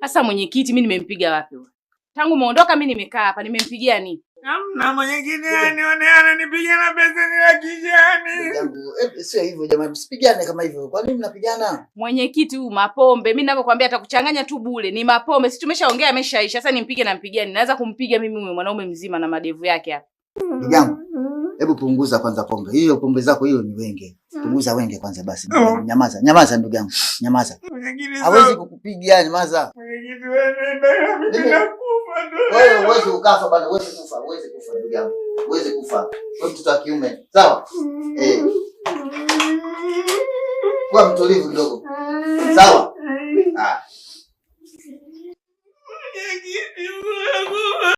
Sasa mwenyekiti, mi nimempiga wapi? Tangu umeondoka mi nimekaa hapa, nimempigia nini? Hamna mwenyekiti, anione ananipiga na beseni la kijani. Sio hivyo jamani, msipigane kama hivyo. Kwa nini mnapigana? Mwenyekiti, huyu mapombe, mi navyokwambia atakuchanganya tu bule. Ni mapombe, si tumeshaongea, ameshaisha. Sasa nimpige na mpigia mpigani? Naweza kumpiga mimi huyu mwanaume mzima na madevu yake hapa. Ndugu yangu, hebu punguza kwanza pombe hiyo. Pombe zako hiyo ni wenge kuguza wenge kwanza, basi nyamaza, nyamaza ndugu yangu, nyamaza. Hawezi kukupiga, nyamaza. Wewe uwezi kukafa bana, uwezi kufa, uwezi kufa ndugu yangu, uwezi kufa. Wewe mtoto wa kiume, sawa? Eh, Kwa mtulivu kidogo, sawa? Ah.